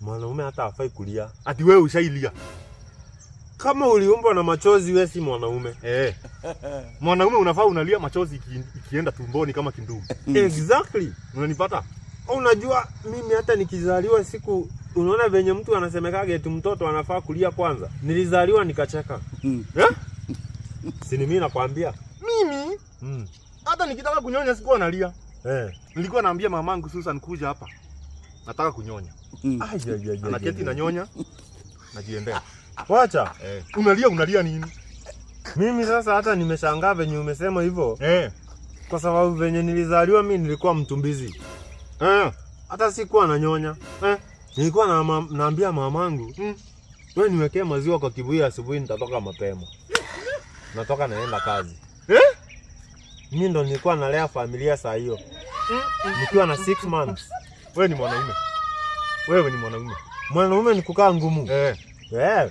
Mwanaume hata afai kulia. Ati wewe ushailia? Kama uliumbwa na machozi, wewe si mwanaume eh. Mwanaume unafaa unalia machozi ikienda tumboni kama kindumu exactly. Unanipata? Unajua mimi hata nikizaliwa siku, unaona venye mtu anasemekaga eti mtoto anafaa kulia kwanza. Nilizaliwa nikacheka hmm. eh? Si ni mimi nakwambia mimi mm. Hata nikitaka kunyonya sikuwa nalia eh. Nilikuwa naambia mamangu Susan, kuja hapa nataka kunyonya Mm. Ah, Anaketi nanyonya najiendea. Ah. Wacha. Eh. Unalia unalia nini? Mimi sasa hata nimeshangaa venye umesema hivyo. Eh. Kwa sababu venye nilizaliwa mi nilikuwa mtumbizi. Eh. Hata sikuwa na nyonya Eh. Nilikuwa na ma naambia mamangu, mm. We niwekee maziwa kwa kibuyu asubuhi nitatoka mapema." Natoka naenda kazi. Eh? Mi ndo nilikuwa nalea familia saa hiyo. Mm. mm. Nikiwa na 6 months. Wewe ni mwanaume. Wewe ni mwanaume. Mwanaume ni kukaa ngumu. Eh. Eh.